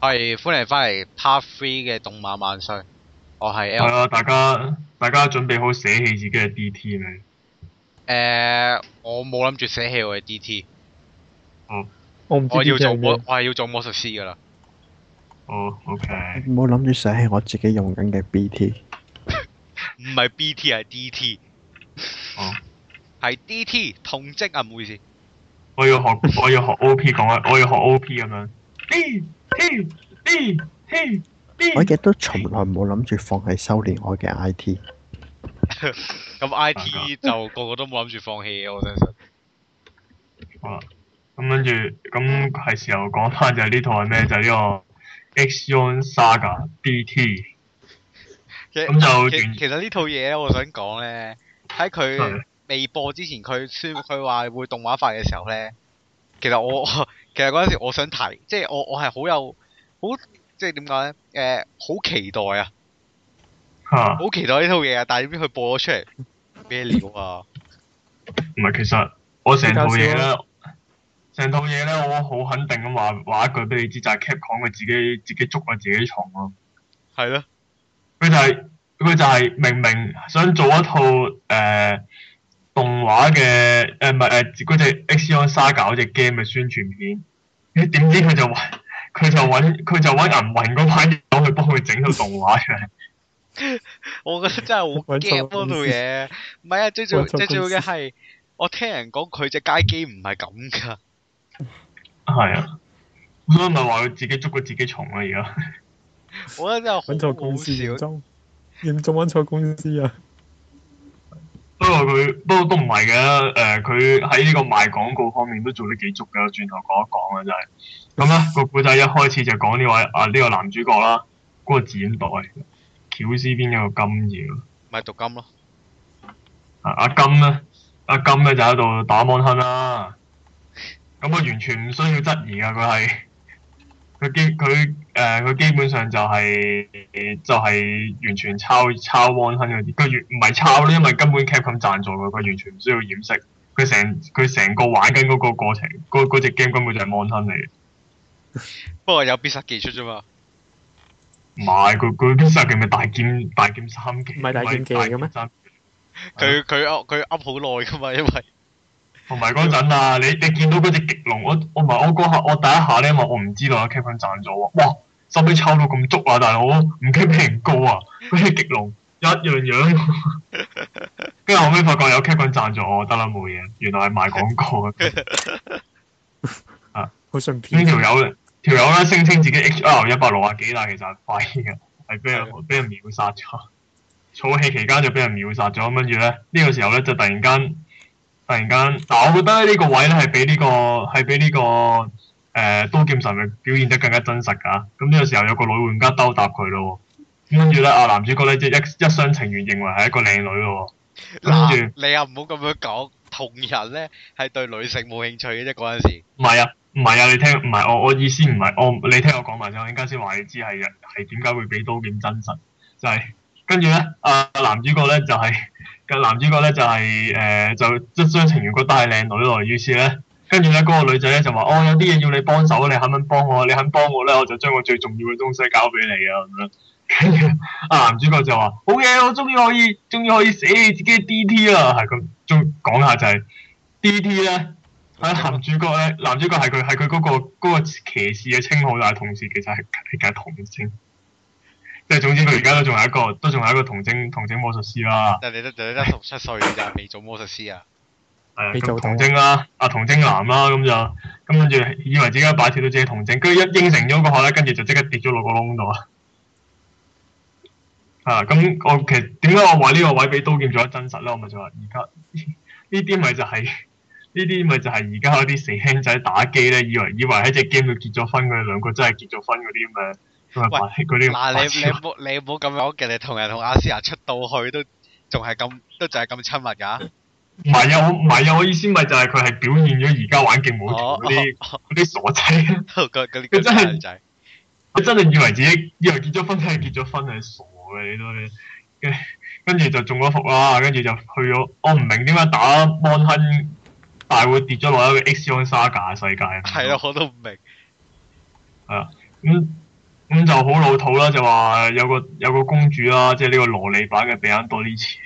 係歡迎翻嚟 Part Three 嘅動漫萬歲！我係係啦，大家大家準備好捨棄自己嘅 DT 未？誒、uh,，oh, 我冇諗住捨棄我嘅 DT。哦，我我要做魔麼我係要做魔術師噶啦。哦、oh,，OK。唔好諗住捨棄我自己用緊嘅 BT。唔係 BT 係 DT。哦。係 DT 痛職啊，唔好意思。我要學我要學 OP 講啊，我要學 OP 咁 樣。B! 我亦都從來冇諗住放棄修煉我嘅 I T，咁 I T 就個個都冇諗住放棄嘅，我相信。好啦，咁跟住，咁係時候講翻就呢套係咩？就呢，係就係、個 Xion Saga B T。咁就其實呢套嘢，我想講咧，喺佢未播之前，佢先佢話會動畫化嘅時候咧，其實我。 其實嗰陣時我想睇，即係我我係好有好即係點講咧？誒、呃，好期待啊，好哈期待呢套嘢啊！但係點知佢播咗出嚟咩料啊？唔係，其實我成套嘢咧，成套嘢咧，我好肯定咁話話一句俾你知，就係、是、Cap 講佢自己自己捉我自己床咯、啊，係咯的，佢就係、是、佢就係明明想做一套誒。呃動畫嘅，誒，唔係，誒嗰隻 Xenosaga 隻 game 嘅宣傳片，你點知佢就搵佢就搵佢就搵銀魂嗰班人去幫佢整套動畫出嚟？ 我覺得真係好驚嗰套嘢，唔係啊，最最最最重要嘅係我聽人講佢隻街機唔係咁噶，係啊，所以咪話佢自己捉過自己蟲啊。而家，我覺得真係搵錯公司，嚴重嚴重搵錯公司啊！不過佢不過都唔係嘅，誒佢喺呢個賣廣告方面都做得幾足嘅，轉頭講一講啊，真、就、係、是。咁、嗯、咧個古仔一開始就講呢位啊呢、這個男主角啦，嗰、那個剪袋，巧思邊有個金耀，咪讀金咯。阿、啊、金咧，阿、啊、金咧就喺度打 mon 啦、啊，咁、嗯、啊、嗯嗯、完全唔需要質疑噶佢係。佢基佢誒佢基本上就係、是、就係、是、完全抄抄 MonHun 嗰啲，佢唔係抄咧，因為根本 Capcom 贊助嘅，佢完全唔需要掩飾。佢成佢成個玩緊嗰個過程，嗰隻 game 根本就係 MonHun 嚟。 不過有必殺技出啫嘛。唔係佢佢必殺技咪大劍大劍，大劍三劍唔係大劍技嚟嘅咩？佢佢噏佢噏好耐噶嘛，因為。 同埋嗰陣啊，你你見到嗰隻極龍，我我唔係我下我第一下咧，我唔知道有 Captain 贊咗喎，哇，收尾抽到咁足啊，大佬，唔驚俾人告啊，咩隻 極龍一樣樣，跟住後尾發覺有 Captain 贊咗，我得啦冇嘢，原來係賣廣告 啊，好、順便、呢條友條友咧聲稱自己 HL 一百六啊幾，但其實係廢嘅，係俾人俾 人秒殺咗，儲氣期間就俾人秒殺咗，跟住咧呢、呢個時候咧就突然間。突然間，嗱，我覺得呢個位咧係俾呢比、呢個係俾呢個誒、呃、刀劍神域表現得更加真實㗎。咁呢個時候有個女玩家兜搭佢咯，跟住咧啊男主角咧即係一一廂情願認為係一個靚女咯。跟住你又唔好咁樣講，同人咧係對女性冇興趣嘅啫嗰陣時。唔係啊，唔係啊，你聽唔係、啊、我我意思唔係我你聽我講埋先，我啱先話你知係係點解會俾刀劍真實就係、是。跟住咧，誒、啊、男主角咧就係、是，個男主角咧就係、是、誒、呃、就一廂情緣覺得係靚女咯，於是咧，跟住咧嗰個女仔咧就話，哦，有啲嘢要你幫手，你肯唔肯幫我？你肯幫我咧，我就將我最重要嘅東西交俾你啊！咁樣，跟住、啊、男主角就話好嘢，我終於可以，終於可以寫自己 D T 啦，係咁，仲講下就係、是、D T 咧，啊男主角咧，男主角係佢係佢嗰個嗰、那個、騎士嘅稱號，但係同時其實係係佢同稱。即係總之佢而家都仲係一個，都仲係一個童貞童貞魔術師、嗯嗯、啦。即係你得你得十七歲咋，未做魔術師啊？係童貞啦，阿童貞男啦，咁 就咁跟住以為自己擺脫到自己童貞，跟住一應承咗個客咧，跟住就即刻跌咗落個窿度 啊！嗯嗯、啊，咁、嗯、我其實點解我話呢個位畀刀劍做得真實咧？我咪 就話而家呢啲咪就係呢啲咪就係而家啲死兄仔打，打機咧，以為以為喺隻 game 度結咗婚，佢兩個真係結咗婚嗰啲咁嘅。喂，嗱你你唔好你唔好咁講嘅，你同人同阿斯亞出到去都仲係咁，都就係咁親密㗎。唔係啊，我唔係啊，我意思咪就係佢係表現咗而家環境冇同嗰啲啲傻仔，佢真係佢真係以為自己以為結咗婚係結咗婚係傻嘅，你都你跟住就中咗伏啦，跟住就去咗。我唔明點解打 mon 但係會跌咗落一個 Xon Saga 世界啊？係啊，我都唔明。係啊，咁。咁 就好老土啦，就話有個有個公主啦，即係呢個蘿莉版嘅比安多尼奇，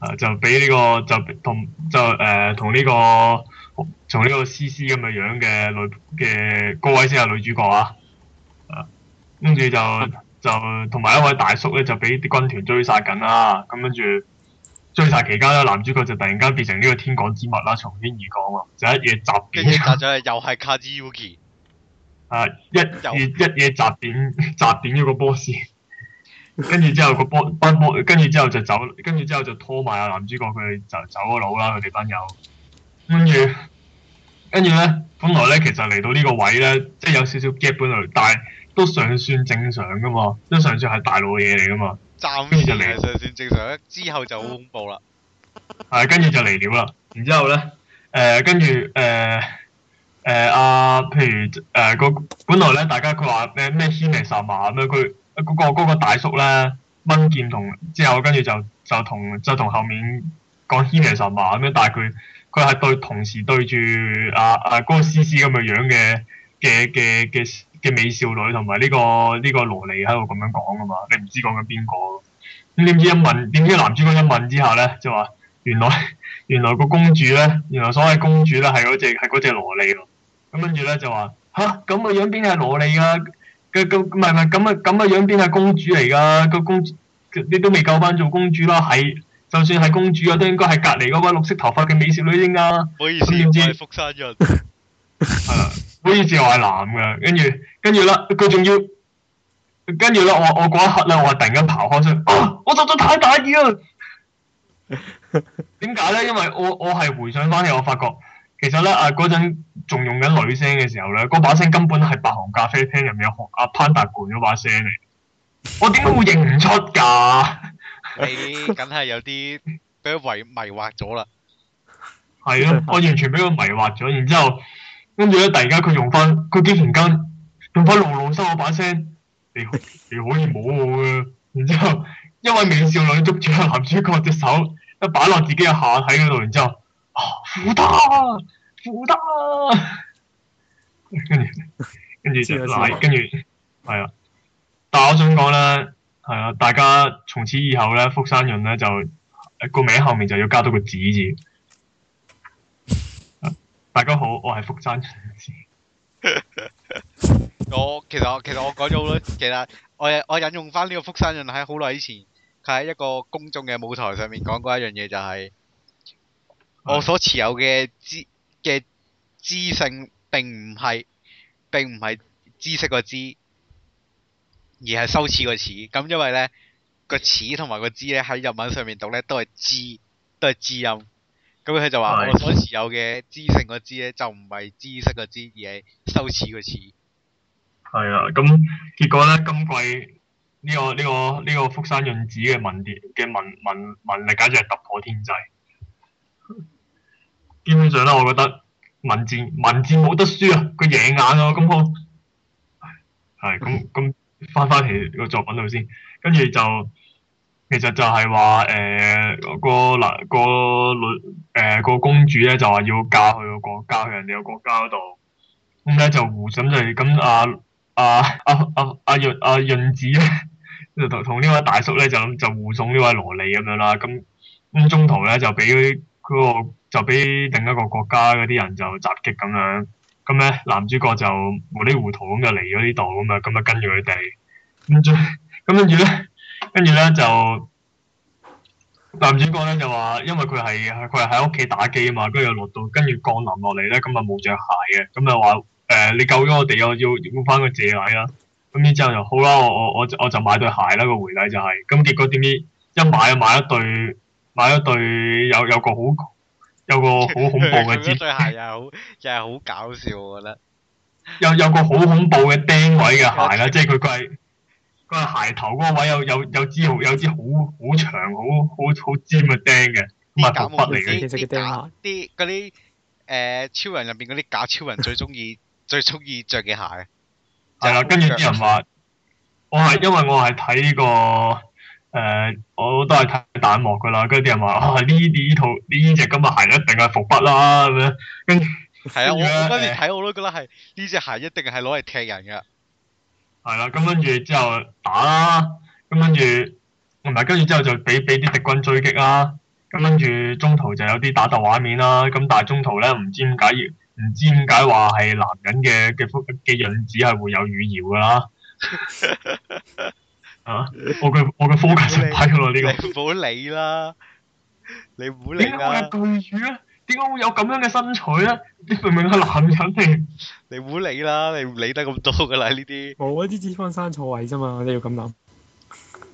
啊就俾呢、這個就同就誒、呃、同呢、這個從呢個 C C 咁嘅樣嘅女嘅高位先係女主角啊，跟住就就同埋一位大叔咧就俾啲軍團追殺緊啦，咁跟住追殺期間咧，男主角就突然間變成呢個天降之物啦，從天而降啊，就是、一躍集，跟住就係又係卡茲誒，一嘢、 嗯、一嘢砸點砸點咗個波士，跟住之後個波崩波，跟住之後就走，跟住之後就拖埋阿男主角佢就走咗佬啦，佢哋班友。跟住，跟住咧，本來咧其實嚟到呢個位咧，即係有少少 gap 本來，但係都尚算正常噶嘛，都尚算係大陸嘅嘢嚟噶嘛。暫時嚟尚算正常，之後就好恐怖啦。係、 啊，跟住就嚟料啦。然之後咧，誒、呃，跟住誒。呃嗯嗯嗯嗯誒啊！譬、呃、如誒個、呃、本來咧，大家佢話咩咩牽嚟神馬咁樣，佢嗰、嗰個嗰個大叔咧掹劍同之後，跟住就就同就同後面講牽嚟神馬咁樣，但係佢佢係對同時對住阿阿嗰個獅子咁嘅樣嘅嘅嘅嘅嘅美少女同埋呢個呢、呢個蘿莉喺度咁樣講啊嘛，你唔知講緊邊個？咁點知一問，點知男主角一問之下咧，就話原來原來，原來個公主咧，原來所謂公主咧係嗰隻係嗰隻蘿莉喎。咁跟住咧就話嚇，咁嘅樣邊係羅莉啊？嘅咁唔係唔係咁嘅咁嘅樣邊係公主嚟噶？個公主佢你都未救翻做公主啦，係就算係公主啊，都應該係隔離嗰位綠色頭髮嘅美少女先啦。唔好意思，唔係福山潤。係啊，唔好意思，我係男嘅。跟住跟住咧，佢仲要跟住咧，我我嗰一刻咧，我係突然間跑開出，我實在太大意啊！點解咧？因為我我係回想翻起，我發覺。其實咧，阿嗰陣仲用緊女聲嘅時候咧，嗰把聲根本係白紅咖啡廳入面阿阿潘達冠嗰把聲嚟。我點解會認唔出噶？你梗係有啲俾佢迷迷惑咗啦。係啊，我完全俾佢迷惑咗。然之後，跟住咧，突然間佢用翻佢經常跟用翻露露羞嗰把聲，你你可以摸我嘅。然之後，一位美少女捉住個男主角隻手，一擺落自己嘅下體嗰度，然之後。哦、福大，福大， 跟住，跟住就係，了奶跟住係啦。但係我想講咧，係啊，大家從此以後咧，福山潤咧就個、呃、名後面就要加多個子字，字、啊。大家好，我係福山潤。 我其實，其實我講咗好多。其實我我，我引用翻呢個福山潤喺好耐以前，佢喺一個公眾嘅舞台上面講過一樣嘢，就係、是。我所持有嘅知嘅知性並，並唔係，並唔係知識個知，而係羞恥個恥。咁、嗯、因為咧個恥同埋個知咧喺日文上面讀咧都係知，都係知音。咁、嗯、佢就話我所持有嘅知性個知咧的就唔係知識個知，而係羞恥個恥。係啊，咁、嗯、結果咧今季呢、這個呢、這個呢、這個福山潤子嘅文嘅文文文力簡直係突破天際。基本上啦，我覺得文字文字冇得輸啊，佢贏眼啊，咁鋪。係，咁咁翻翻嚟個作品度先，跟住就其實就係話誒個男個女誒個公主咧就話要嫁去個國家，去人哋個國家嗰度，咁咧就護送就係咁啊啊啊啊阿潤啊潤子咧，就同同呢位大叔咧就諗就護送呢位蘿莉咁樣啦，咁咁中途咧就俾嗰個。就俾另一個國家嗰啲人就襲擊咁樣，咁咧男主角就糊裏糊塗咁就嚟咗呢度啊，咁就跟住佢哋咁，跟咁跟住咧，跟住咧就男主角咧就話，因為佢係佢係喺屋企打機啊嘛，跟住落到跟住降臨落嚟咧，咁啊冇着鞋嘅，咁啊話誒你救咗我哋，我要攞翻個謝禮啦，咁之後就好啦，我我我我就買對鞋啦，個回禮就係，咁，咁結果點知一買啊買一對買一對有有個好。有個好恐怖嘅尖， 對鞋又係好又係好搞笑，我覺得。有有個好恐怖嘅釘位嘅鞋啦， 即係佢佢係鞋頭嗰個位有有有支好有支好好長好好好尖嘅釘嘅，咁啊骨嚟嘅。啲假啲嗰啲誒，超人入邊嗰啲假超人最中意 最中意着嘅鞋嘅， 就係跟住啲人話， 我係因為我係睇呢個。 誒、呃，我都係睇彈幕噶啦，跟啲人話啊，呢呢套呢隻咁嘅鞋一定係伏筆啦，咁樣跟住係啊，我跟住睇我都覺得係呢隻鞋一定係攞嚟踢人嘅。係啦、嗯，咁、啊、跟住之後打啦，咁跟住唔係跟住之後就俾俾啲敵軍追擊啦。咁跟住中途就有啲打鬥畫面啦，咁但係中途咧唔知點解，唔知點解話係男人嘅嘅嘅樣子係會有羽絨噶啦。呵呵 啊！我嘅我嘅框架失敗咗，呢、這個你唔好理啦。你唔好理。點解我嘅巨乳咧？點解會有咁樣嘅身材咧？你明明係男人嚟。你唔好理啦，你唔理得咁多㗎啦，呢啲。冇一啲脂肪生錯位啫嘛，我要 你要咁諗。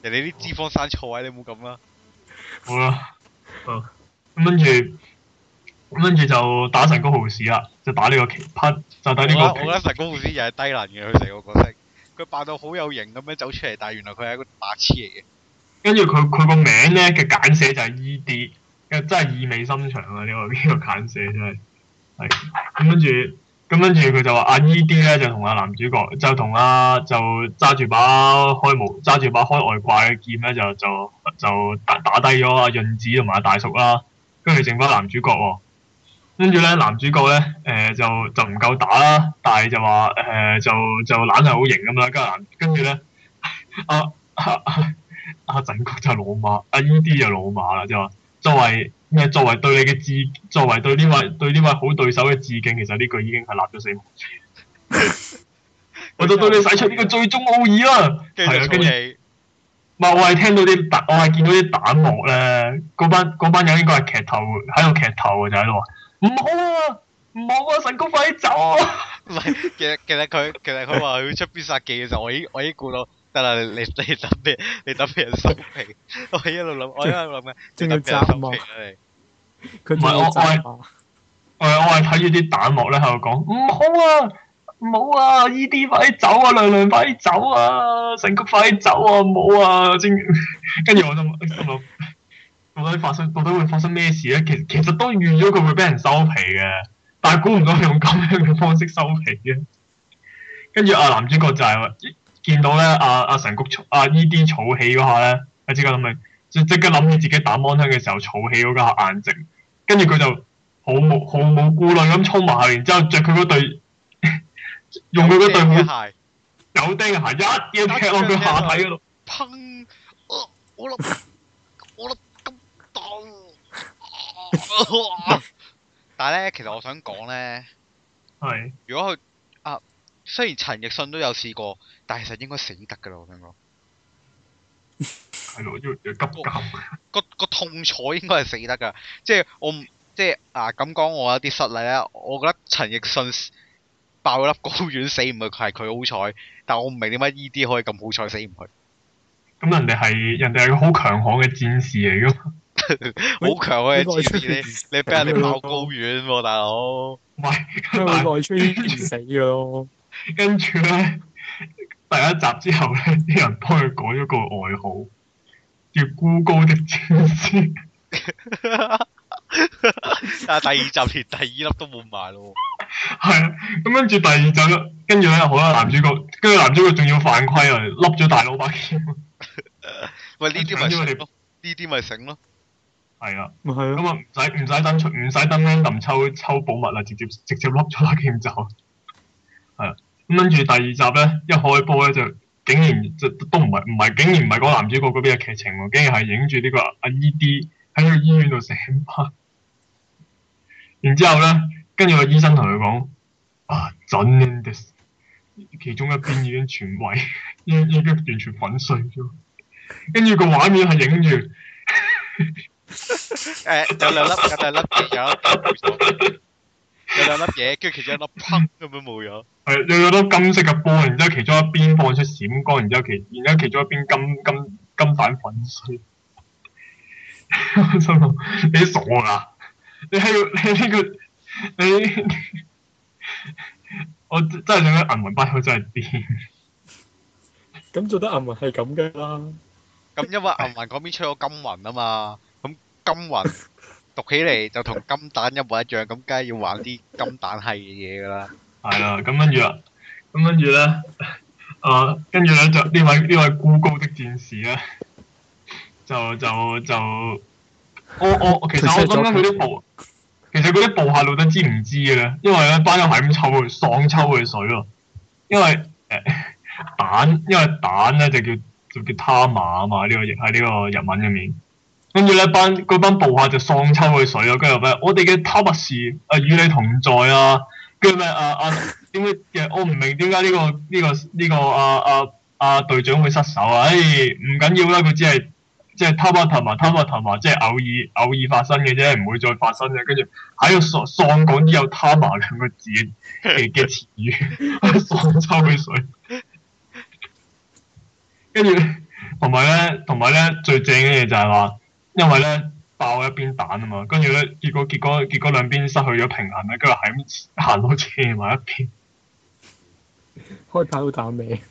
人哋啲脂肪生錯位，你唔好咁啦。好 啦，好、啊。跟住，跟住就打神弓豪士啊！就打呢個奇葩，就打呢個。啊、個我我神弓豪士又係低能嘅，佢成個角色。佢扮到好有型咁樣走出嚟，但係原來佢係一個白痴嚟嘅。跟住佢佢個名咧嘅簡寫就係 E.D，真係意味深長啊！呢個呢個簡寫真係係。咁跟住咁跟住佢就話啊 E.D 咧就同阿、啊、男主角就同阿、啊、就揸住把開無揸住把開外掛嘅劍咧就就就打打低咗阿潤子同埋阿大叔啦、啊，跟住剩翻男主角喎、哦。跟住咧，男主角咧，誒、呃、就就唔夠打啦，但係就話誒、呃、就就，就懶係好型咁啦，加蘭。跟住咧，阿阿阿準哥就老馬，阿 E D 就老馬啦，就話作為誒作為對你嘅致，作為對呢位對呢位好對手嘅致敬，其實呢句已經係立咗死亡。 我就對你使出呢個最終奧義啦。係啊，跟住，我係聽到啲彈，我係見到啲彈幕咧，嗰班嗰班人應該係劇頭喺度劇頭嘅就喺度。喎。唔好啊！唔好啊！神谷快啲走啊！唔係，其實其實佢其實佢話要出必殺技嘅時候，我已我已經估到，得啦，你你特別你特別係收皮，我喺一路諗，我喺一路諗嘅，即係特別係收皮啊你。佢唔係我愛，我係我係睇住啲彈幕咧喺度講，唔好啊，唔好啊，E D 快啲走啊，娘娘快啲走啊，神谷快啲走啊，唔好啊，真跟住我諗，我諗。到底發生到底會發生咩事咧？其實其實都預咗佢會俾人收皮嘅，但係估唔到用咁樣嘅方式收皮嘅。跟住阿男主角就係、是、見到咧阿阿神谷阿、啊、E.D. 草起嗰下咧，即刻諗起即刻諗起自己打 mon 嘅時候草起嗰個眼睛，跟住佢就好冇好冇顧慮咁衝埋去，然之後着佢嗰對 用佢嗰對好鞋，有釘鞋一要踢落佢下體嗰度，砰！我落。我我 但係咧，其實我想講咧，係的如果佢啊，雖然陳奕迅都有試過，但係其實應該死得噶啦，我想講。係咯，急個、那個痛楚應該係死得噶，即係我即係啊咁講，我有啲失禮啦。我覺得陳奕迅爆粒高遠死唔去，佢係佢好彩，但我唔明點解呢啲可以咁好彩死唔去。咁人哋係人哋係一個好強悍嘅戰士嚟噶。 好強啊！戰士，你你俾人哋跑高遠喎、啊，大佬。唔係南，死啊、跟住死嘅咯。跟住咧，第一集之後咧，啲人幫佢改咗個外號，叫孤高的戰士。 但係第二集連第二粒都冇埋咯。係、 嗯，咁跟住第二集咧，跟住咧，好啦，男主角，跟住男主角仲要犯規啊，笠咗大佬牌。喂，呢啲咪呢啲咪醒咯。 係啊，咁啊唔使唔使等出，唔使等一陣抽抽寶物啦，直接直接碌咗粒劍走。係啊，咁跟住第二集咧，一開波咧就竟然就都唔係唔係，竟然唔係講男主角嗰邊嘅劇情，竟然係影住呢個阿 ED 喺個醫院度醒。然之後咧，跟住個醫生同佢講，啊 j o 其中一邊已經全毀，已已經完全粉碎咗。跟住個畫面係影住。呵呵誒，有兩粒，有兩粒嘢，有兩粒嘢，跟住其中一粒砰咁樣冇咗。係，有有粒金色嘅波，然之後其中一邊放出閃光，然之後其，然之後其中一邊金金金粉粉碎。你傻噶？你喺個喺呢個你？我真係想喺銀魂班，我真係癲。咁做得銀魂係咁噶啦。咁因為銀魂嗰邊出咗金魂啊嘛。金雲讀起嚟就同金蛋一模一樣，咁梗係要玩啲金蛋係嘅嘢噶啦。係啦，咁跟住啊，咁跟住咧，誒，跟住咧就呢位，呃、呢位孤高的戰士咧，就就就，就，我我其實我覺得嗰啲部，其實嗰啲部下到底知唔知嘅咧，因為咧班友係咁臭，喪抽佢水咯。因為，呃、蛋因為蛋咧就叫就叫他馬啊嘛，呢，這個亦喺呢個日文入面。跟住咧班班部下就喪抽佢水咯，跟住咩？我哋嘅偷密士啊與你同在啊，跟住咩？啊啊點解、啊啊、我唔明點解呢個呢、這個呢、這個啊啊啊隊長會失手啊！誒唔緊要啦，佢只係、就是、即係偷啊偷埋偷啊偷埋，即係偶爾偶爾發生嘅啫，唔會再發生嘅。跟住喺度喪喪講啲有 t 偷埋兩個字嘅嘅詞語，喪抽佢水。跟住同埋咧，同埋咧最正嘅嘢就係、是、話。因為咧爆一邊蛋啊嘛，跟住咧結果結果結果兩邊失去咗平衡咧，跟住行咁行到斜埋一邊，開蛋好淡味。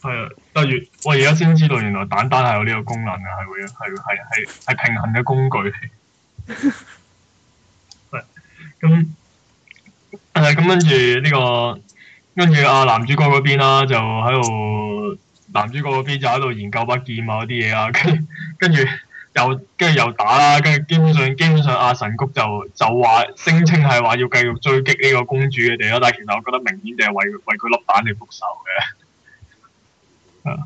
係啊， 但係我而家先知道，原來蛋蛋係有呢個功能噶，係會係會係係係平衡嘅工具。咁誒， 咁、嗯嗯嗯嗯、跟住呢、這個跟住阿、啊、男主角嗰邊啦，就喺度男主角嗰邊就喺度研究把劍啊啲嘢啊，跟跟住。又跟住又打啦，跟住基本上基本上阿神谷就，就話聲稱係話要繼續追擊呢個公主嘅地啦，但係其實我覺得明顯就係為為佢粒蛋嚟復仇嘅。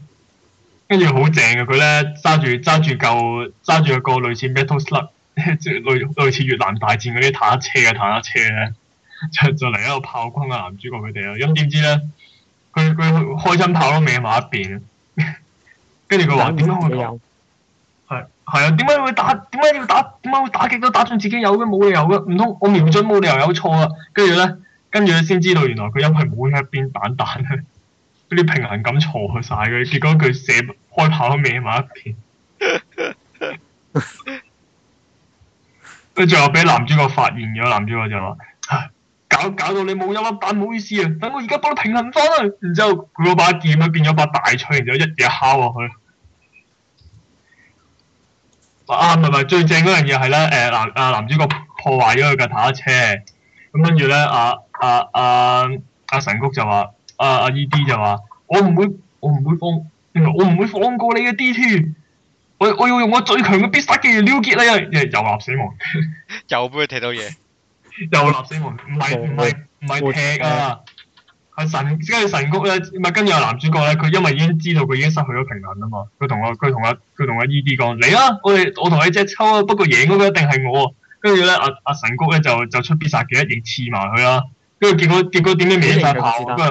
跟住好正嘅佢咧揸住揸住嚿揸住個類似 Metal Slug 即係類類似越南大戰嗰啲坦克嘅坦克車咧，就嚟喺度炮轟阿男主角佢哋啦。咁點知咧，佢佢開心炮都未埋一邊，跟住佢話點解我哋？係啊，點解會打？點解要打？點解會打擊到打中自己有嘅？冇理由嘅，唔通我瞄準冇理由有錯啊？跟住咧，跟住先知道原來佢因為冇喺一邊蛋蛋嘅，啲平衡感錯晒嘅，結果佢射開炮都歪埋一邊。佢 最後俾男主角發現咗，男主角就話：搞搞到你冇一粒蛋，唔好意思啊，等我而家幫你平衡翻啊！然之後佢嗰把劍咧變咗把大錘，然之後一嘢敲落去。嗯、啊，唔係唔係，最正嗰樣嘢係咧，誒，男，啊男主角破壞咗佢架坦克車，咁跟住咧，阿、啊，阿，阿，阿神谷就話，阿、啊，阿、啊、E D 就話，我唔會，我唔會放，我唔會放過你嘅 D T，我，我要用我最強嘅必殺技嚟了結你啊！即立死亡，又俾佢踢到嘢，遊立死亡，唔係唔係唔係踢啊！功 vida 神，跟住神谷咧，咪跟住阿男主角咧，佢因為已經知道佢已經失去咗平衡啊嘛，佢同阿佢同阿佢同阿依啲講嚟啦，我哋我同你隻抽，不過贏嗰個一定係我。跟住咧，阿阿、啊、神谷咧就就出必殺技，一定刺埋佢啦。跟住結果結果點解歪晒炮？跟住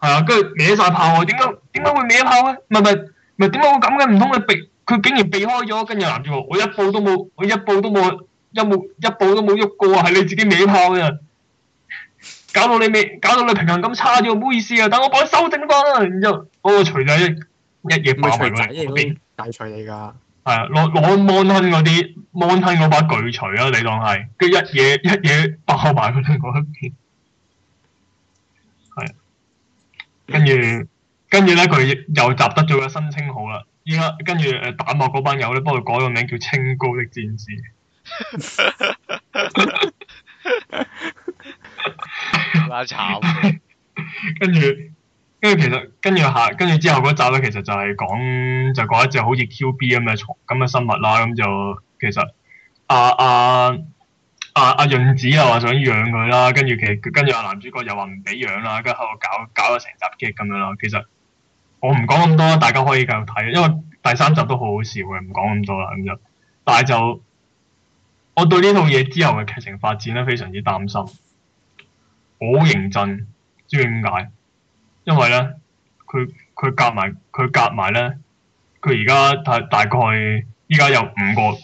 係啊，跟住歪晒炮，點解點解會歪炮咧？唔係唔係唔係點解會咁嘅？唔通佢避佢竟然避開咗？跟住男主角，我一步都冇，我一步都冇一冇一步都冇喐過啊！係你自己歪炮嘅。搞到你未，搞到你平衡咁差咗，唔好意思啊！等我幫你修正翻啦。然之後我隨，個鎚仔一一嘢爆佢，邊，大鎚嚟噶。係啊的，攞攞 m o 嗰啲芒 o 嗰把巨鎚啊，你當係，跟一嘢一嘢爆埋嗰啲嗰邊，係，跟住跟住咧，佢又集得咗個新稱號啦。依家跟住誒，彈幕嗰班友咧，幫佢改個名叫清高的戰士。 好慘， 跟住，跟住其實，跟住下，跟住之後嗰集咧，其實就係講，就講、是、一隻好似 Q B 咁嘅蟲，咁嘅生物啦。咁就其實、啊，阿阿阿阿潤子又話想養佢啦，跟住其實跟住阿男主角又話唔俾養啦，跟後搞搞咗成集劇咁樣啦。其實我唔講咁多，大家可以繼續睇，因為第三集都好好笑嘅，唔講咁多啦咁就。但係就我對呢套嘢之後嘅劇情發展咧，非常之擔心。好認真，知唔知點解？因為咧，佢佢夾埋佢夾埋咧，佢而家大大概依家有五個，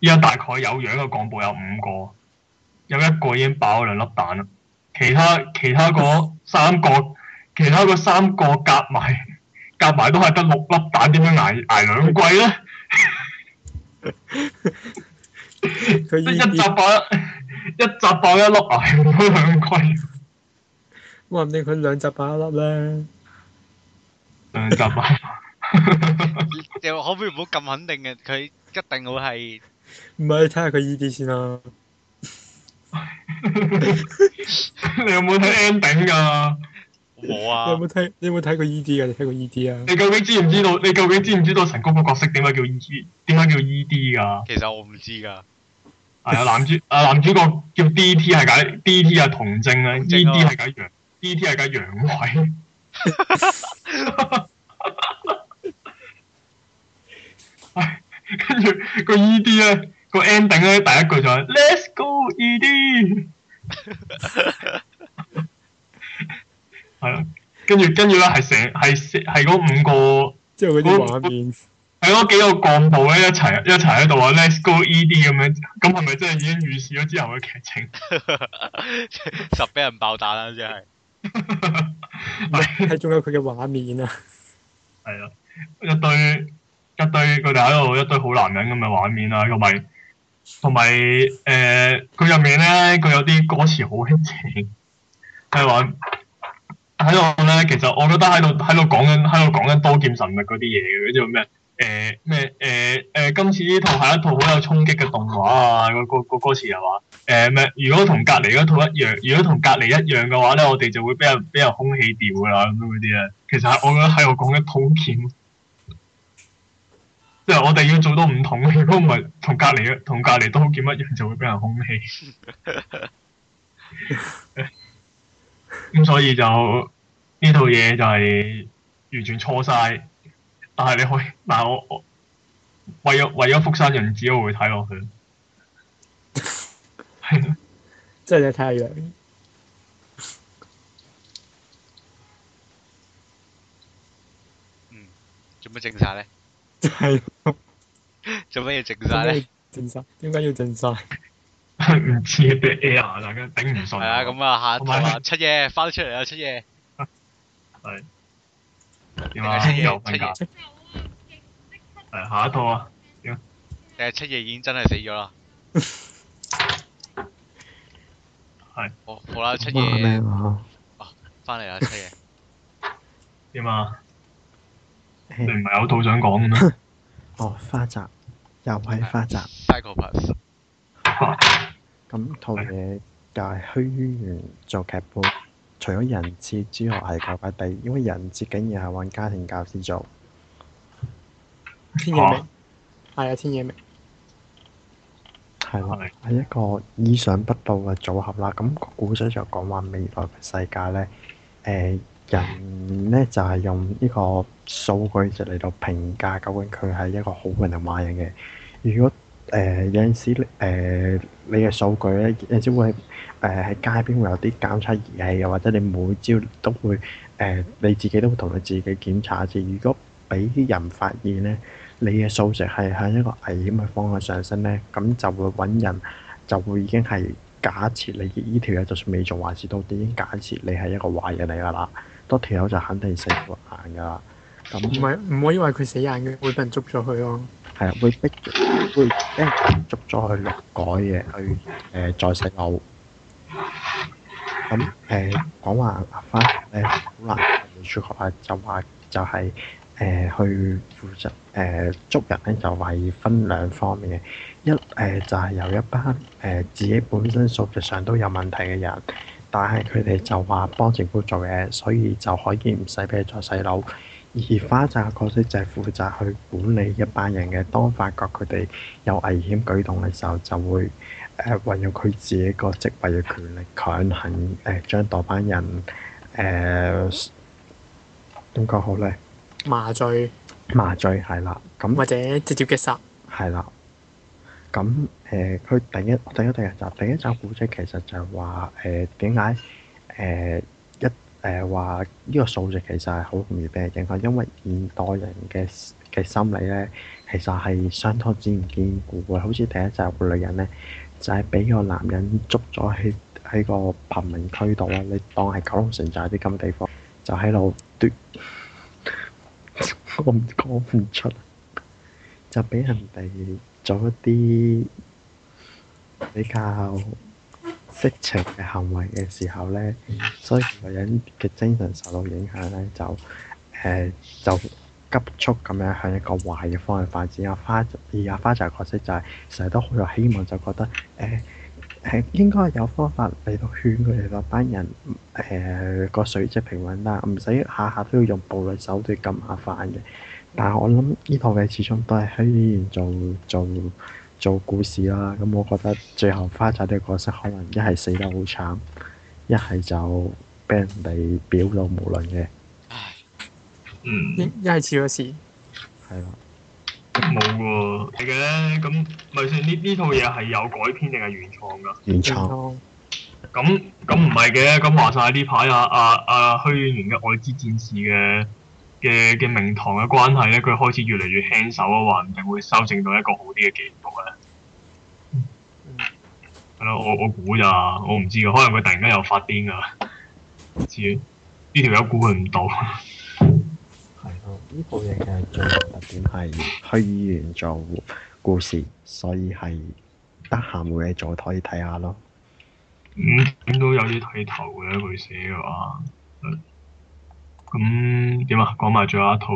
依家大概有樣嘅幹部有五個，有一個已經爆咗兩粒彈啦。其他其他個三個， 其他個三個夾埋夾埋都係得六粒彈，點樣挨挨兩季咧？即 義 一集爆一集爆一粒，挨兩季。話唔定佢兩集爆一粒咧，兩集爆。又可唔可以唔好咁肯定嘅？佢一定會係唔係？你睇下佢 E D 先啦。你有冇睇 ending 噶？冇啊。你有冇睇？你有冇睇過 E D 啊？你睇過 E D 啊？你究竟知唔知道？你究竟知唔知道成功嘅角色點解叫 E D？點解叫 E D 噶？ 其實我唔知噶。係啊，男主啊，男主角叫 D T 係解，D T 係童貞啊，E D 係解一 E.T. 係個羊位，跟住、 哎、個 e d 咧，個 ending 咧，第一句就係 Let's go e d 係啦，跟住跟住咧，係成係係嗰五個，即係嗰啲畫面，係嗰 幾個幹部咧一齊一齊喺度話 Let's go e d 咁樣，咁係咪真係已經預示咗之後嘅劇情？ 十俾人爆打啦，啊，真係。 你仲有佢嘅畫面啊？係啊 是， 一堆一堆佢哋喺度，一堆好男人咁嘅畫面啊，同埋同埋誒，佢入、呃、面咧，佢有啲歌詞好激情，係話喺度咧。其實我覺得喺度喺度講緊喺度講緊刀劍神域嗰啲嘢嘅，即係咩誒咩誒誒，今次呢套係一套好有衝擊嘅動畫啊！嗰個、嗰個歌詞係嘛？誒咩、呃？如果同隔籬嗰套一樣，如果同隔籬一樣嘅話咧，我哋就會俾人俾人空氣掉噶啦，咁嗰啲咧。其實我覺得喺度講緊通件，即係我哋要做到唔同。如果唔係同隔籬、同隔籬刀劍一樣，就會俾人空氣。咁、 嗯、所以就呢套嘢就係完全錯晒。但係你可以，但我我，我為咗為咗福山潤，只我會睇落去。 真係太遠、嗯。做咩淨晒咧？ 做咩 要淨晒咧？淨 晒 點解要淨晒？唔係啊，咁啊，下一套啊， 七夜翻出嚟啦，七夜。係。點啊？七夜。係下一套啊？點？誒，七夜已經真係死咗啦。 係是，好我啦，出嘢，哦，翻嚟啦，出嘢，點啊？啊 你唔係有套想講嘅咩？ 哦，花澤，又係花澤。d i a 咁套嘢就係虛元做劇本，除咗人設之外係怪怪哋，因為人設竟然係揾家庭教師做。天野明？係啊，天野明？啊啊係啦，係一個意想不到嘅組合啦。咁，那個古仔就講話未來嘅世界，呃、呢，誒人呢就係、是、用呢個數據就嚟到評價，究竟佢係一個好人定壞人嘅。如果誒有陣時誒你嘅數據呢，有陣時、呃、時會喺、呃、街邊會有啲檢測儀器，又或者你每朝都會誒、呃、你自己都同佢自己檢查。如果俾啲人發現呢。你嘅數值係向一個危險嘅方向上升咧，咁就會揾人，就會已經係假設你呢條友就算未做壞事，都已經假設你係一個壞人嚟噶啦，多條友就肯定死眼噶啦。咁唔係唔可以話佢死眼嘅，會俾人捉咗去咯。係啊，會逼會捉咗去勞改嘅，去誒、呃、再洗腦。咁誒、嗯呃、講話翻嚟好難。女主角啊，就話就係、是。誒去負責誒捉人咧，就懷疑分兩方面嘅，一誒、呃、就係、是、有一班誒、呃、自己本身素質上都有問題嘅人，但係佢哋就話幫政府做嘢，所以就可以唔使俾咗細佬。而花就係嗰啲就負責去管理一班人嘅，當發覺佢哋有危險舉動嘅時候，就會誒運、呃、用佢自己個職位嘅權力，強行誒將代班人誒點講好咧？麻醉，麻醉係啦，咁或者直接擊殺係啦，咁誒，佢、呃、第一第一第一集第一集古仔其實就話誒點解誒一誒話呢個數字其實係好容易俾人影響，因為現代人嘅嘅心理咧，其實係相當之唔堅固嘅，好似第一集個女人咧就係、是、俾個男人捉咗喺喺個貧民區度啦，你當係九龍城寨啲咁地方，就喺度奪。我唔講唔出，就俾人哋做一啲比較色情嘅行為嘅時候咧，所以女人嘅精神受到影響咧，就誒、呃、就急速咁樣向一個壞嘅方向發展。阿花而阿花就角色就係成日都好有希望，就覺得誒。呃誒，應該有方法嚟到勸佢哋嗰班人，誒，個水質平穩啦，唔使下下都要用暴力手段咁麻煩嘅。但係我諗呢套嘢始終都係喺醫院做做做故事啦。咁、嗯、我覺得最後花仔啲角色可能一係死得好慘，一係就俾人哋表露無倫嘅。一一係超咗線。係啦。冇喎，係嘅，咁咪算呢呢套嘢係有改編定係原創噶？原創創。咁咁唔係嘅，咁話晒呢排啊啊啊虛幻嘅愛之戰士嘅嘅嘅名堂嘅關係咧，佢開始越嚟越輕手啊，話唔定會修正到一個好啲嘅結局咧。係咯、嗯，我我估咋，我唔知嘅，可能佢突然間又發癲噶。唔知，呢條友估佢唔到。 係咯，呢部嘢嘅最大特點係去醫院做故事，所以係得閒冇嘢做可以睇下咯。五點、嗯、都有啲睇頭嘅，佢寫嘅話。咁點啊？講埋最後一套，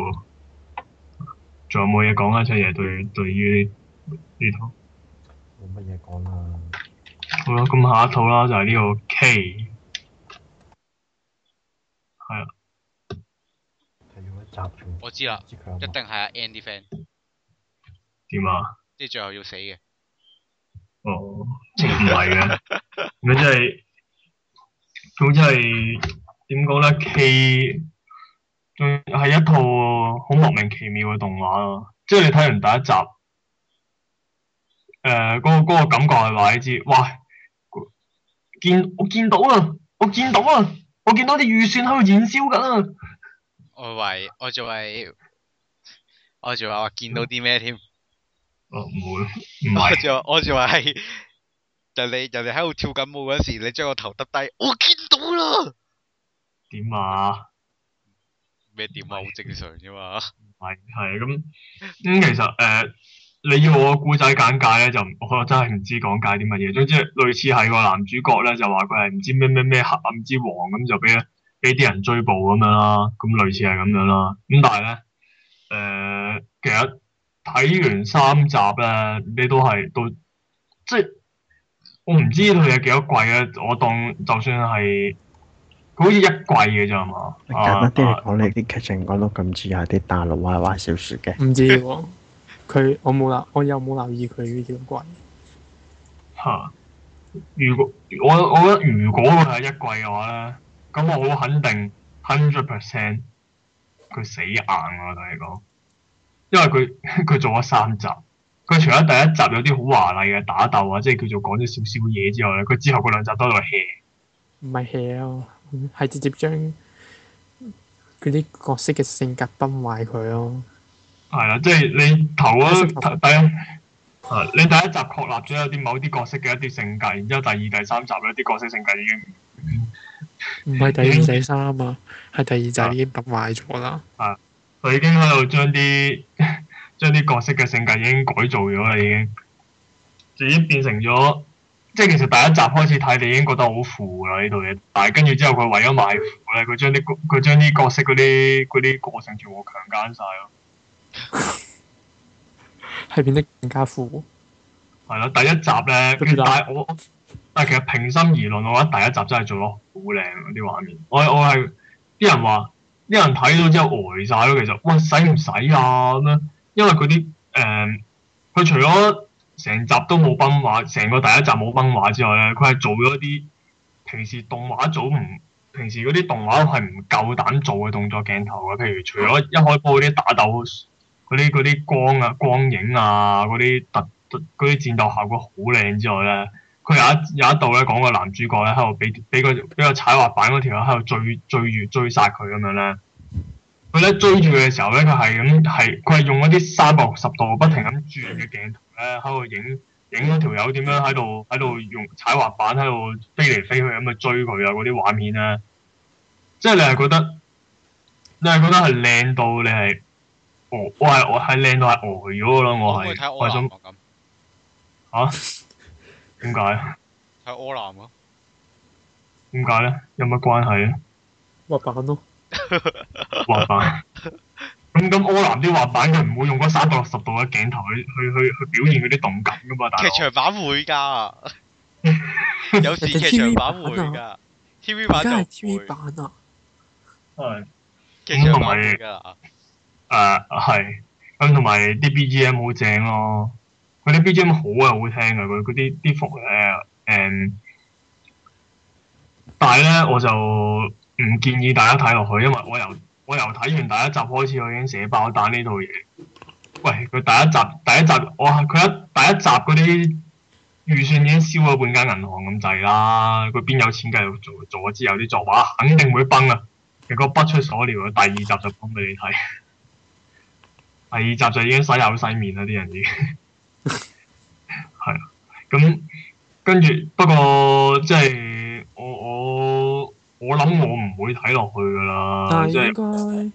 仲有冇嘢講啊？七、就、嘢、是、對對於呢套冇乜嘢講啦。好啦，咁下一套啦，就係、是、呢個 K，係啊。我知啦，一定係啊。Andy Fan。點啊？即係最後要死嘅。哦，即係唔係嘅，咁即係，好似係點講咧？佢係一套好莫名其妙嘅動畫咯。即係你睇完第一集，誒、呃，嗰、嗰個、嗰個感覺係話你知，哇！見我見到啊，我見到啊，我見到啲預算喺度燃燒緊啊！我為我仲係我仲話我見到啲咩添？我唔、哦、會唔我仲我仲話係人哋人哋喺度跳緊舞嗰時，你將個頭耷低，我見到啦。點啊？咩點啊？好是正常啫嘛。唔係係咁咁其實誒、呃，你要我個故仔簡介咧，就我真係唔知講解啲乜嘢。總之類似係個男主角咧，就話佢係唔知咩咩咩黑暗之王咁，就俾咧。俾啲人追捕咁樣啦，咁類似係咁樣啦。咁但係咧，誒、呃，其實睇完三集咧，你都係到，即係我唔知佢有幾多季嘅，我當就算係好似一季嘅啫嘛。簡單啲嚟講，你啲劇情講到咁似有啲大陸歪歪小說嘅。唔知喎，佢我冇留，我又冇留意佢幾多季。吓，如果我我覺得如果佢係一季嘅話咧。咁我好肯定，hundred percent，佢死硬咯！我同你講，因為佢佢做咗三集，佢除咗第一集有啲好華麗嘅打鬥、就是、啊，即係叫做講咗少少嘢之外咧，佢之後嗰兩集都係 hea，唔係 hea 咯，係直接將佢啲角色嘅性格崩壞佢咯。係啊，即係、就是、你頭啊，第一，係你第一集確立咗有啲某啲角色嘅一啲性格，然之後第二、第三集咧啲角色性格已經。嗯唔係第二第三啊嘛，係經第二集已經崩壞咗啦。啊，佢已經喺度將啲將啲角色嘅性格已經改造咗啦，已經就已經變成咗。即係其實第一集開始睇，你已經覺得好腐啦呢套嘢。但係跟住之後，佢為咗賣腐咧，佢將啲佢將啲角色嗰啲嗰啲個性全部強姦曬咯，係 變得更加腐。係啦，第一集咧，但係我。但係其實平心而論嘅話，我覺得第一集真係做咗好靚啲畫面。我我係啲人話，啲人睇到之後呆晒咯。其實喂，使唔使啊咁樣？因為佢啲誒，佢、嗯、除咗成集都冇崩畫，成個第一集冇崩畫之外咧，佢係做咗啲平時動畫組唔，平時嗰啲動畫係唔夠膽做嘅動作鏡頭嘅。譬如除咗一開波嗰啲打鬥，嗰啲啲光啊光影啊嗰啲特嗰啲戰鬥效果好靚之外咧。佢有一有一度咧，講個男主角咧喺度俾俾個俾個踩滑板嗰條友喺度追追住追殺佢咁樣咧，佢咧追住佢嘅時候咧，佢係咁係佢係用一啲三百六十度不停咁轉嘅鏡頭咧喺度影影嗰條友點樣喺度喺度用踩滑板喺度飛嚟飛去咁去追佢啊，嗰啲畫面咧，即係你係覺得你係覺得係靚到你係我係我係靚到係呆咗咯，我係開心吓。點解？睇柯南啊！點解咧？有乜關係啊？滑板咯，滑板。咁咁柯南啲滑板佢唔會用嗰三百六十度嘅鏡頭去去去去表現嗰啲動感噶嘛？劇場版會噶， 有時。劇場版會噶，T V 版就 T V 版啊。係，唔係噶，誒係、 嗯，咁同埋啲 B G M 好正咯。嗰啲 BGM 好啊，好聽噶、啊，佢啲啲副誒誒，但係咧我就唔建議大家睇落去，因為我由我由睇完第一集開始，我已經寫爆彈呢套嘢。喂，佢第一集第一集，我佢一第一集嗰啲、哦、預算已經燒咗半間銀行咁滯啦。佢邊有錢繼續做？做咗之後，啲作畫肯定會崩啊！結果不出所料啊，第二集就崩俾你睇。第二集就已經洗口洗面啦，啲人已經。跟住，不過即係我我我諗，我唔會睇落去㗎喇。但係應該是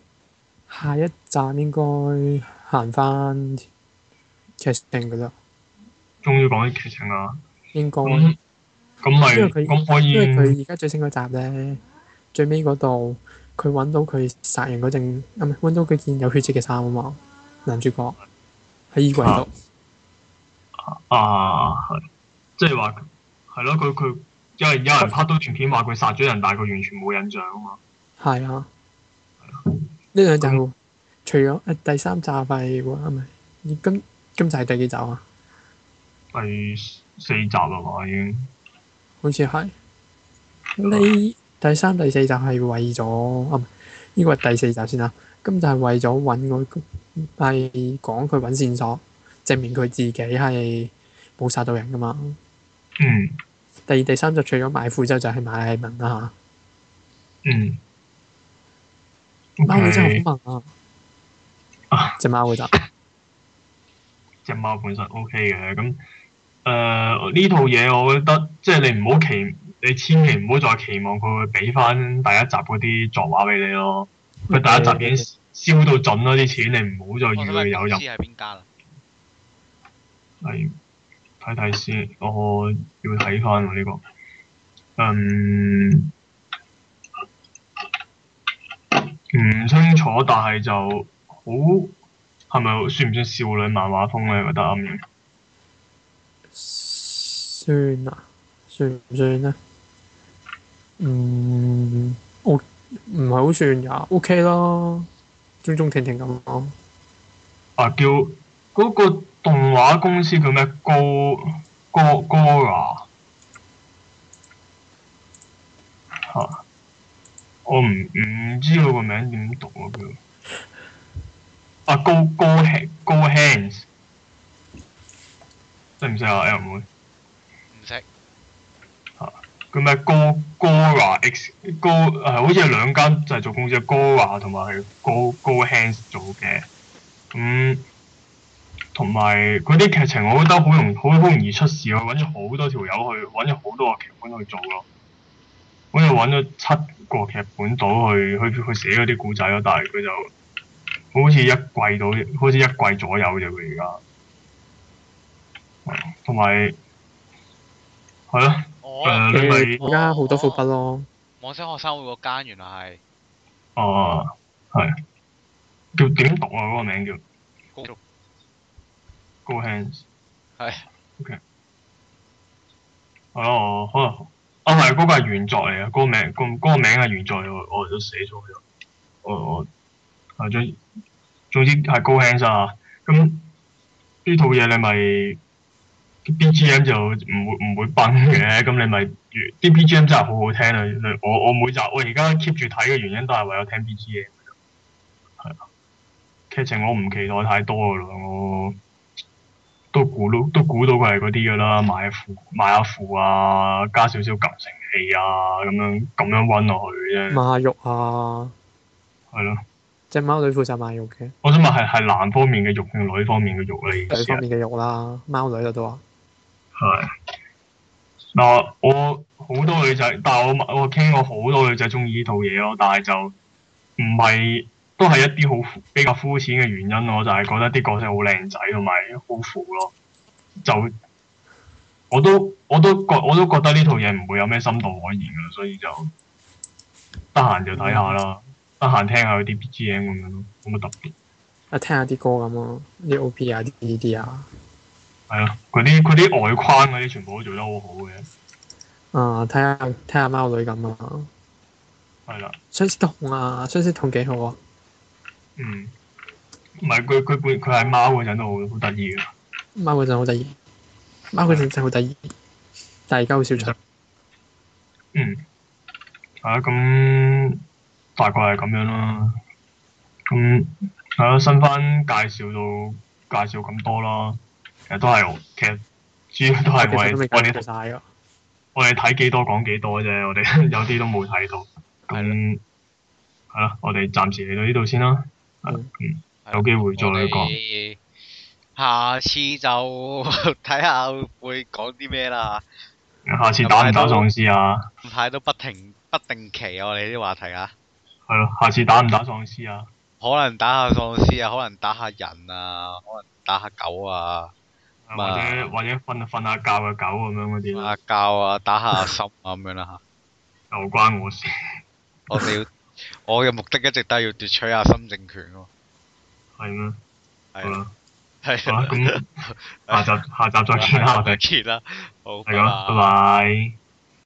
下一站應該行翻劇情㗎喇。終於講緊劇情啦。應該咁咪？因為佢因為佢而家最新嗰集咧，最尾嗰度佢揾到佢殺人嗰陣啊，唔係揾到佢件有血跡嘅衫啊嘛，男主角喺衣櫃度、啊。啊！係。即係話係咯，佢佢因為有人拍到條片話佢殺咗人，啊、但係佢完全冇印象啊嘛。係啊的，呢兩、嗯、集，除咗、啊、第三集廢喎，係、啊、咪？今今集係第幾集啊？第四集啊嘛已經，好似係的你第三、第四集係為咗啊？呢個係第四集先啦。今集係為咗揾我，係講佢揾線索，證明佢自己係冇殺到人噶嘛。嗯，第二、第三就除咗買富之後，就係、係、買文啦吓。嗯，貓會真係好文啊！啊，只貓會就只貓本身 OK 嘅，咁誒呢套嘢，我覺得即係你唔好期，你千祈唔好再期望佢會俾翻第一集嗰啲作畫俾你咯。佢第一集已經燒到盡啦，啲錢你唔好再預期有入。係。睇睇先，我要睇翻喎呢個。嗯，唔清楚，但係就好，係咪算唔算少女漫畫風咧？覺得啱嘅算啊？算唔算咧？嗯，我唔係好算呀，OK 咯，中中甜甜咁講。啊，叫嗰、嗰個。動畫公司叫咩？Go Go Gora 嚇！我唔唔知佢個名點讀啊，Go, Go, Go, Go 懂懂啊，啊！叫啊 Go Go Go Hands，識唔識啊？L 妹，唔識。嚇！叫咩？Go Go Gora X Go，啊，好似係兩間製造公司，Gora 同埋 Go Go Hands 做嘅咁。嗯同埋嗰啲劇情，我覺得好容，好好容易出事咯。揾咗好多條友去，揾咗好多個劇本去做咯。我又揾咗七個劇本到去去去寫嗰啲故仔咯，但係佢就好似一季到，好似一季左右啫。佢而家同埋係咯，誒、哦，你而家好多副筆咯。望星學生會嗰間原來係哦，係、啊、叫點讀啊？嗰、嗰個名叫。叫高興係，OK。哦，可能啊，唔係嗰個係原作嚟嘅歌名，個歌名係原作，我我都寫錯咗。我我係總總之係高興咋。咁呢套嘢你咪 BGM 就唔會唔會崩嘅。咁你咪啲 BGM 真係好好聽啊！我我每集我而家 keep 住睇嘅原因都係為咗聽 BGM，yeah。係啊，劇情我唔期待太多噶啦，我。都估到都估到佢係嗰啲噶啦，買下褲買下褲啊，加少少感情戲啊，咁樣咁樣溫落去啫。賣下肉啊，係咯了，隻貓女負責賣肉嘅。我想問係係男方面嘅肉定女方面嘅肉咧？而家女方面嘅肉啦，貓女就都係。嗱、呃，我好多女仔，但係我我傾過好多女仔中意呢套嘢咯，但係就唔係。都係一啲好比較膚淺嘅原因，我就係覺得啲角色好靚仔同埋好膚咯，就我都我都覺我都覺得呢套嘢唔會有咩深度可言嘅，所以就得閒就睇下啦，得閒聽下啲 BGM 咁樣咯，冇乜特別。啊，聽下啲歌咁咯，啲 OP 啊啲呢啲啊。係啊，嗰啲嗰啲外框嗰啲全部都做得好好嘅。啊，睇下睇下貓女咁啊。係啦、啊，雙色瞳啊，雙色瞳幾好啊！嗯，唔係佢，佢本佢係貓嗰陣都好好得意噶，貓嗰陣好得意，貓嗰陣真係好得意，但而家好少出。嗯，係、嗯、啊，咁大概係咁樣啦。咁係咯，新番介紹到介紹咁多啦，其實都係，其實主要都係為為啲，我哋睇幾多講幾多啫，我哋有啲都冇睇到。嗯，係咯，我哋暫時嚟到呢度先啦。嗯，有機會再嚟講。下次就睇 下會講啲咩啦。下次打唔打喪屍啊？睇到不停不定期啊！我哋啲話題啊。係咯、嗯，下次打唔打喪屍啊，啊？可能打下喪屍啊，可能打下人啊，可能打下狗啊。嗯、或者或者瞓瞓下覺嘅狗咁樣嗰啲。瞓下覺啊，打下心啊咁 樣啦嚇。又關我事。 我哋要。我嘅目的一直都係要奪取阿心政權喎。係咩？係啦。係咁下集，下集再傾啦。再見啦。好。係咯。拜拜。